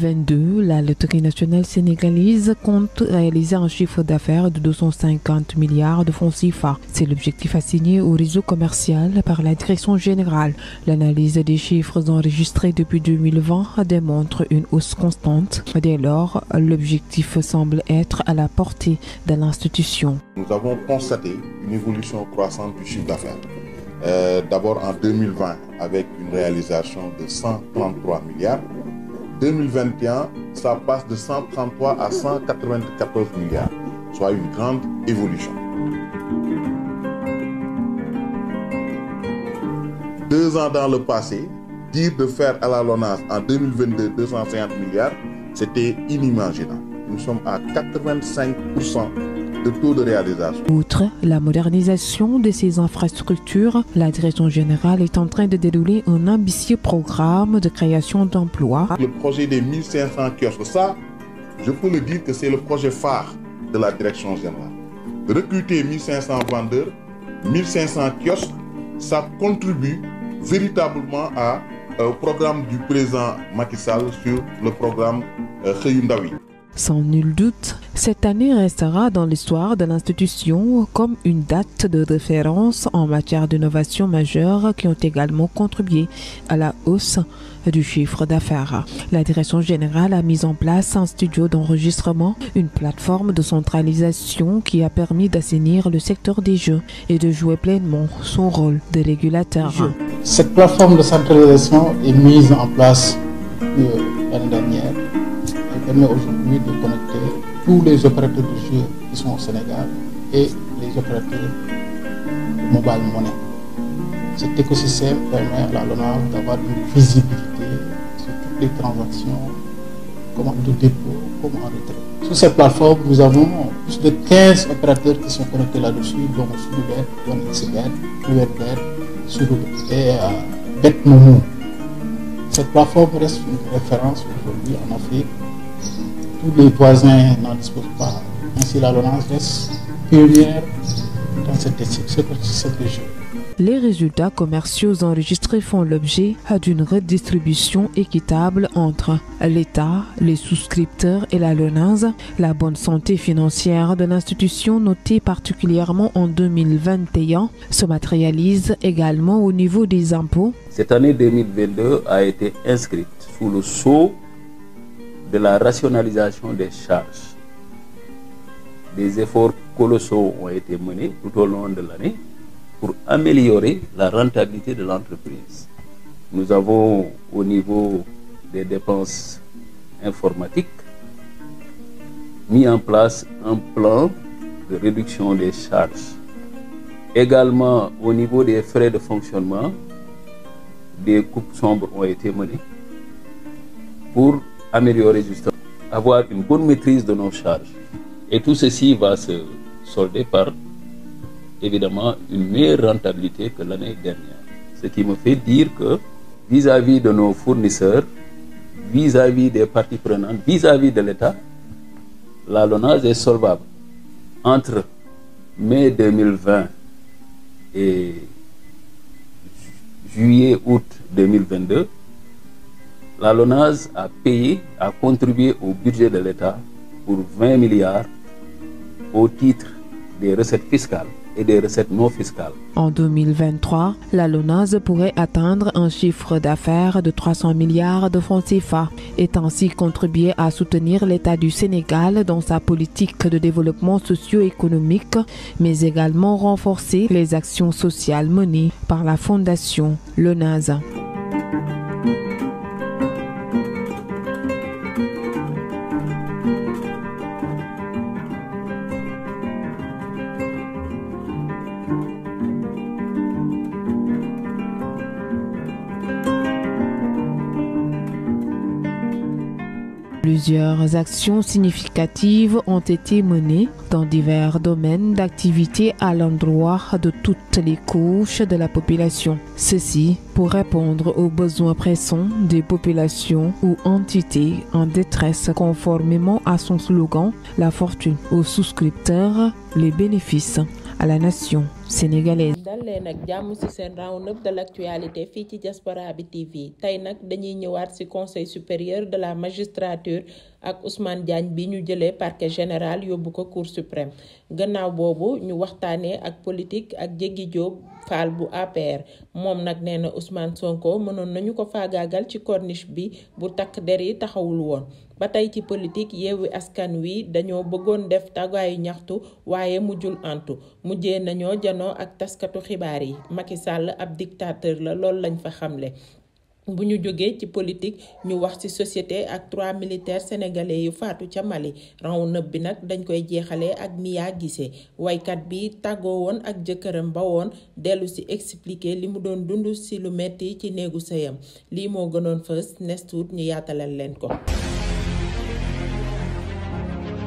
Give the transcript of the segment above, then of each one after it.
2022, la Loterie nationale sénégalaise compte réaliser un chiffre d'affaires de 250 milliards de fonds CFA. C'est l'objectif assigné au réseau commercial par la direction générale. L'analyse des chiffres enregistrés depuis 2020 démontre une hausse constante. Dès lors, l'objectif semble être à la portée de l'institution. Nous avons constaté une évolution croissante du chiffre d'affaires. Euh, d'abord en 2020 avec une réalisation de 133 milliards 2021, ça passe de 133 à 194 milliards, soit une grande évolution. Deux ans dans le passé, dire de faire à la LONAS en 2022 250 milliards, c'était inimaginable. Nous sommes à 85% de taux de réalisation. Outre la modernisation de ces infrastructures, la direction générale est en train de dérouler un ambitieux programme de création d'emplois. Le projet des 1500 kiosques, ça, je peux le dire que c'est le projet phare de la direction générale. Recruter 1500 vendeurs, 1500 kiosques, ça contribue véritablement à, au euh, programme du président Macky Sall sur le programme euh, Dawi. Sans nul doute, cette année restera dans l'histoire de l'institution comme une date de référence en matière d'innovation majeure qui ont également contribué à la hausse du chiffre d'affaires. La direction générale a mis en place un studio d'enregistrement, une plateforme de centralisation qui a permis d'assainir le secteur des jeux et de jouer pleinement son rôle de régulateur. Cette plateforme de centralisation est mise en place euh, permet aujourd'hui de connecter tous les opérateurs de jeu qui sont au Sénégal et les opérateurs de mobile money. Cet écosystème permet à la d'avoir une visibilité sur toutes les transactions, comment de dépôt, comment en retrait. Sur cette plateforme, nous avons plus de 15 opérateurs qui sont connectés là-dessus, dont Sudubet, OneXBet, Uberbet, Sudubet et euh, BetMomo. Cette plateforme reste une référence aujourd'hui en Afrique tous les voisins n'en disposent pas. Ainsi, la reste dans cette les résultats commerciaux enregistrés font l'objet d'une redistribution équitable entre l'État, les souscripteurs et la LONAS. La bonne santé financière de l'institution, notée particulièrement en 2021, se matérialise également au niveau des impôts. Cette année 2022 a été inscrite sous le sceau de la rationalisation des charges. Des efforts colossaux ont été menés tout au long de l'année pour améliorer la rentabilité de l'entreprise. Nous avons au niveau des dépenses informatiques mis en place un plan de réduction des charges. Également au niveau des frais de fonctionnement, des coupes sombres ont été menées pour améliorer justement, avoir une bonne maîtrise de nos charges. Et tout ceci va se solder par, évidemment, une meilleure rentabilité que l'année dernière. Ce qui me fait dire que vis-à-vis de nos fournisseurs, vis-à-vis des parties prenantes, vis-à-vis de l'État, la est solvable. Entre mai 2020 et juillet-août 2022, la Lonaze a payé, a contribué au budget de l'État pour 20 milliards au titre des recettes fiscales et des recettes non fiscales. En 2023, la Lonaze pourrait atteindre un chiffre d'affaires de 300 milliards de francs CFA et ainsi contribuer à soutenir l'État du Sénégal dans sa politique de développement socio-économique, mais également renforcer les actions sociales menées par la Fondation Lonaze. Plusieurs actions significatives ont été menées dans divers domaines d'activité à l'endroit de toutes les couches de la population. Ceci pour répondre aux besoins pressants des populations ou entités en détresse conformément à son slogan La fortune aux souscripteurs, les bénéfices à la nation sénégalaise dal leen ak round de l'actualité fii ci Diaspora bi TV tey nag dañuy ñëwaat ci conseil supérieur de la magistrature ak Ousmane Diagne bi ñu jëlee parquet général yóbbu ko cour suprême gannaaw boobu ñu waxtaanee ak politique ak Jéggi Diop Fall bu APR moom nag nee Ousmane Sonko mënoon nañu ko faagaagal ci corniche bi bu takk der yi taxawul woon. ba tey ci politique yeewi askan wi dañoo bëggoon def tàggaayu ñaxtu waaye mujjul antu mujje nañoo janoo ak taskatu xibaar yi Macky Sall ab dictateur la loolu lañ fa xamle bu ñu jógee ci politique ñu wax ci société ak trois militaires sénégalais yu faatu ca Mali raw nëb bi nag dañ koy jeexale ak Mia Guissé waykat bi tàggoo woon ak jëkkëram ba woon dellu ci expliquer li mu doon dundu si lu metti ci néegu seyam lii moo gënoon fës nestuut ñu yaatalal leen ko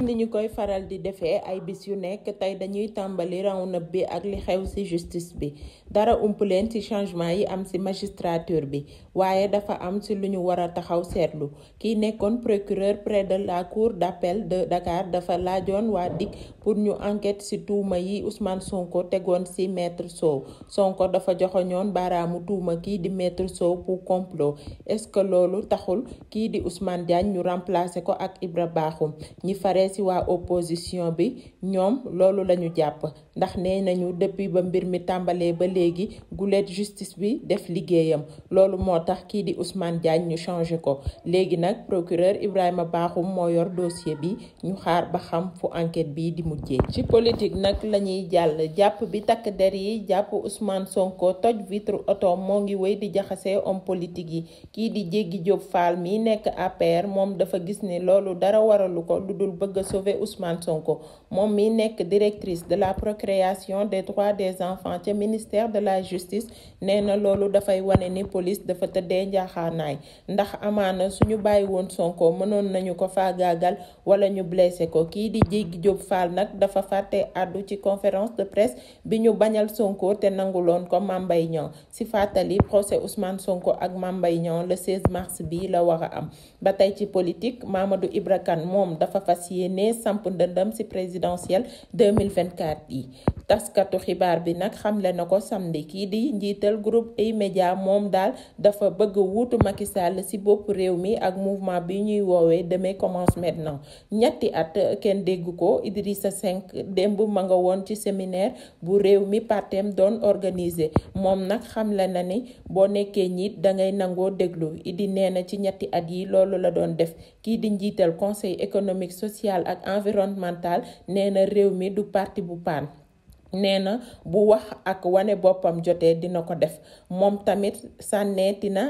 ni ñu koy faral di defee ay bis yu nekk tey dañuy tàmbali raw na bi ak li xew ci justice bi dara ump leen ci changement yi am ci magistrature bi waaye dafa am ci lu ñu war a taxaw seetlu kii nekkoon procureur près de la cour d'appel de Dakar dafa laajoon waa DIC pour ñu enquête ci tuuma yi Ousmane Sonko tegoon ci maître Sow Sonko dafa joxoñoon baaraamu tuuma kii di maître Sow pour complot est-ce que loolu taxul kii di Ousmane Diagne ñu remplacer ko ak Ibra Bakhoum ñi fare ci waa opposition bi ñoom loolu lañu jàpp ndax nee nañu depuis ba mbir mi tàmbalee léegi gulet justice bi def liggéeyam lolu motax qui di Ousmane Diagne ñu changé ko légui procureur Ibrahima Barou mo yor dossier bi ñu xaar ba xam fu enquête bi di mujjé ci politique nag lañuy jall japp bi tak der yi Ousmane Sonko toj vitre auto mo ngi wéy di jaxassé homme politique yi ki di djéggi job Fall mi nek APR mom dafa gis lolu dara waraluko Dudul bëgg sauver Ousmane Sonko mom mi directrice de la procréation des droits des enfants ca ministère de la justice nena lolu da fay wane ni police dafa tëddee njaaxaanaay ndax amana suñu bàyyi Sonko mënon nañu ko fagaagal wala ñu blessé ko ki di Djiby Diop Fall da fa faté addu ci conférence de presse bi ñu bañal Sonko té nanguloon ko Mame Mbaye ci si procès Ousmane Sonko ak le 16 mars bi la wara am batay ci politique Mamadou Ibra mom da fa fas samp si présidentiel 2024 yi taskatu xibar bi nak xamle nako sam samedi kii di njiital groupe e moom daal dafa bëgg wutu Macky Sall ci bopp réew mi ak mouvement bi ñuy woowee demain commence maintenant ñetti at kenn dégg ko sa Seck démb ma nga woon ci séminaire bu réew mi partem doon organisé moom nag xam la na ni boo nekkee njiit dangay nangoo déglu Idi nee na ci ñetti at yi loolu la doon def kii di njiital conseil économique sociale ak environnemental neena réew mi du parti bu paan nee na bu wax ak wane boppam jote dina ko def moom tamit sànneeti na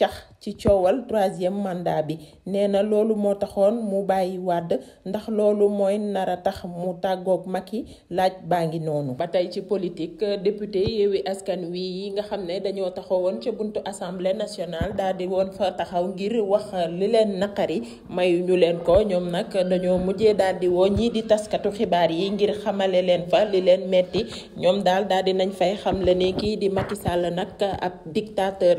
cax ci coowal troisième mandat bi nee na loolu moo taxoon mu bàyyi wàdd ndax loolu mooy nar a tax mu mag yi laaj baa ngi noonu. ba tey ci politique député Yewwi Askan Wi yi nga xam ne dañoo taxawoon ca buntu assemblée nationale daal di woon fa taxaw ngir wax li leen naqari mayuñu leen ko ñoom nag dañoo mujjee daal di woo ñii di taskatu xibaar yi ngir xamale leen fa li leen metti ñoom daal daal nañ fay xamle ni kii di Macky nag ab dictateur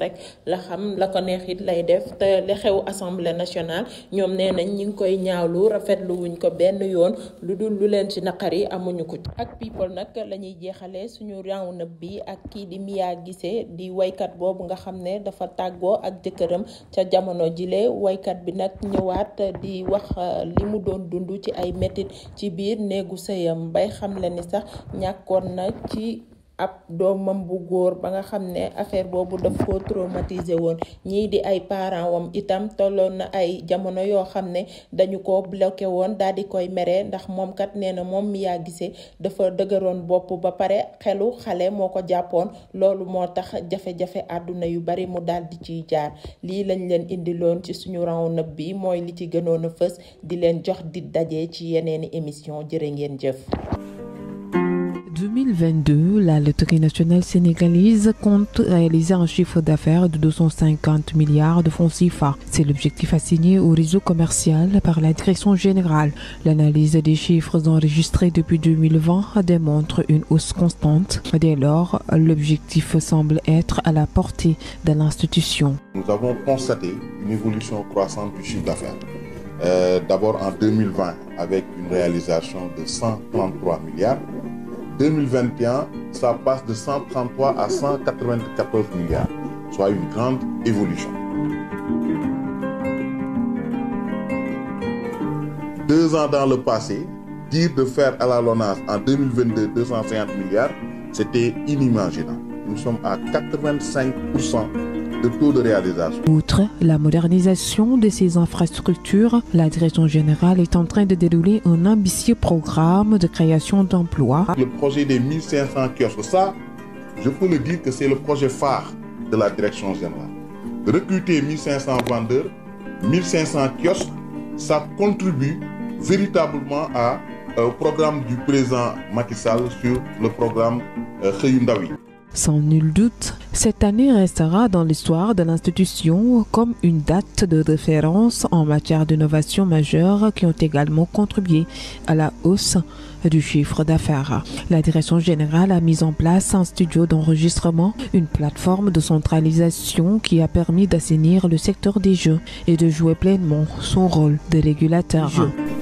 rek la xam la ko neex it lay def te li xew assemblée nationale ñoom nee nañ ñi ngi koy ñaawlu rafetlu wuñ ko benn yoon lu dul lu leen ci naqari amuñu ko ci. ak people nag la ñuy jeexalee suñu raw nëb bi ak kii di Mia Guissé di woykat boobu nga xam ne dafa tàggoo ak jëkkëram ca jamono jile woykat bi nag ñëwaat di wax uh, li mu doon dund ci ay mettit ci biir néegu sëyam bay xam le ni sax ñàkkoon na ci ab doomam bu góor ba nga xam ne affaire boobu daf ko traumatisé woon ñii di ay parent wam itam tolloon na ay jamono yoo xam ne dañu ko bloqué woon daal di koy mere ndax moom kat nee na moom yaa gise dafa dëgëroon bopp ba pare xelu xale moo ko jàppoon loolu moo tax jafe-jafe àdduna yu bari mu daal di ciy jaar lii lañ leen indiloon ci suñu round-up bi mooy li ci gënoon fës di leen jox di daje ci yeneeni émission jëre ngeen jëf 2022, la Loterie nationale sénégalaise compte réaliser un chiffre d'affaires de 250 milliards de fonds CIFA. C'est l'objectif assigné au réseau commercial par la direction générale. L'analyse des chiffres enregistrés depuis 2020 démontre une hausse constante. Dès lors, l'objectif semble être à la portée de l'institution. Nous avons constaté une évolution croissante du chiffre d'affaires. Euh, d'abord en 2020 avec une réalisation de 133 milliards 2021, ça passe de 133 à 194 milliards, soit une grande évolution. Deux ans dans le passé, dire de faire à la LONAS en 2022 250 milliards, c'était inimaginable. Nous sommes à 85% Outre la modernisation de ces infrastructures, la direction générale est en train de dérouler un ambitieux programme de création d'emplois. Le projet des 1500 kiosques, ça, je peux le dire que c'est le projet phare de la direction générale. Recruter 1500 vendeurs, 1500 kiosques, ça contribue véritablement à, euh, au programme du présent Macky Sall sur le programme euh, sans nul doute, cette année restera dans l'histoire de l'institution comme une date de référence en matière d'innovation majeure qui ont également contribué à la hausse du chiffre d'affaires. La direction générale a mis en place un studio d'enregistrement, une plateforme de centralisation qui a permis d'assainir le secteur des jeux et de jouer pleinement son rôle de régulateur.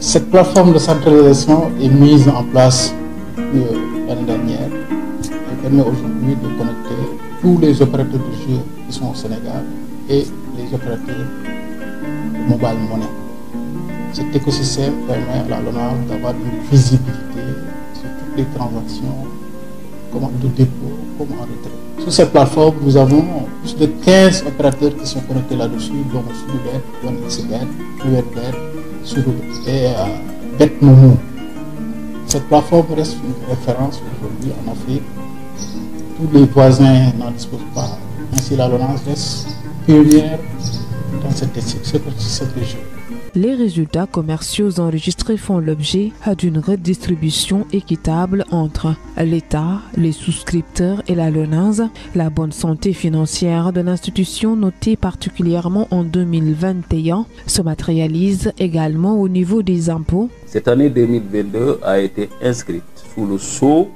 Cette plateforme de centralisation est mise en place euh, l'année dernière permet aujourd'hui de connecter tous les opérateurs de jeux qui sont au Sénégal et les opérateurs de mobile money. Cet écosystème permet à la d'avoir une visibilité sur toutes les transactions, comment de dépôt, comment retrait. Sur cette plateforme, nous avons plus de 15 opérateurs qui sont connectés là-dessus, dont Sudubet, OneXBet, UNBet, Sudubet et euh, BetMomo. Cette plateforme reste une référence aujourd'hui en Afrique tous les voisins n'en disposent pas. Ainsi, la reste pionnière dans cette les résultats commerciaux enregistrés font l'objet d'une redistribution équitable entre l'État, les souscripteurs et la LONAS. La bonne santé financière de l'institution, notée particulièrement en 2021, se matérialise également au niveau des impôts. Cette année 2022 a été inscrite sous le sceau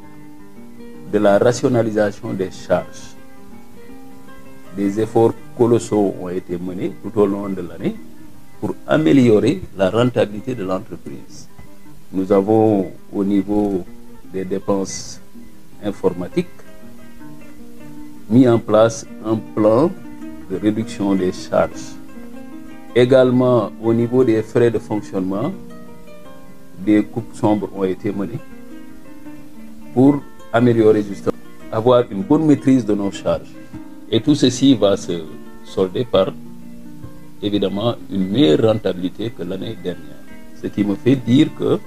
de la rationalisation des charges. Des efforts colossaux ont été menés tout au long de l'année pour améliorer la rentabilité de l'entreprise. Nous avons au niveau des dépenses informatiques mis en place un plan de réduction des charges. Également au niveau des frais de fonctionnement, des coupes sombres ont été menées pour améliorer justement, avoir une bonne maîtrise de nos charges. Et tout ceci va se solder par, évidemment, une meilleure rentabilité que l'année dernière. Ce qui me fait dire que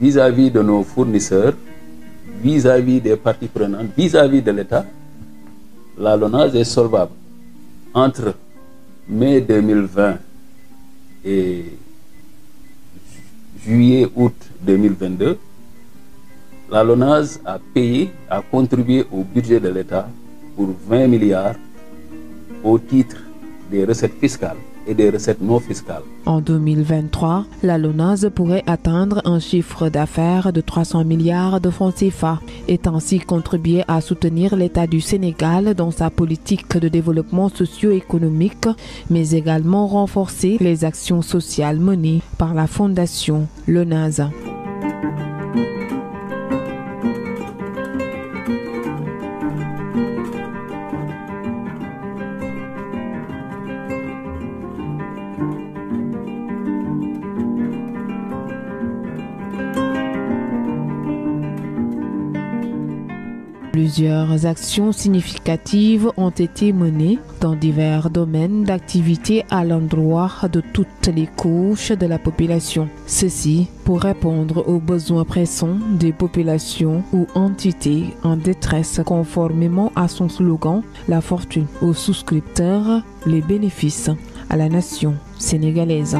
vis-à-vis de nos fournisseurs, vis-à-vis des parties prenantes, vis-à-vis de l'État, la est solvable. Entre mai 2020 et juillet-août 2022, la Lonaze a payé, a contribué au budget de l'État pour 20 milliards au titre des recettes fiscales et des recettes non fiscales. En 2023, la Lonaze pourrait atteindre un chiffre d'affaires de 300 milliards de francs CFA et ainsi contribuer à soutenir l'État du Sénégal dans sa politique de développement socio-économique, mais également renforcer les actions sociales menées par la Fondation Lonaze. Plusieurs actions significatives ont été menées dans divers domaines d'activité à l'endroit de toutes les couches de la population. Ceci pour répondre aux besoins pressants des populations ou entités en détresse conformément à son slogan La fortune aux souscripteurs, les bénéfices à la nation sénégalaise.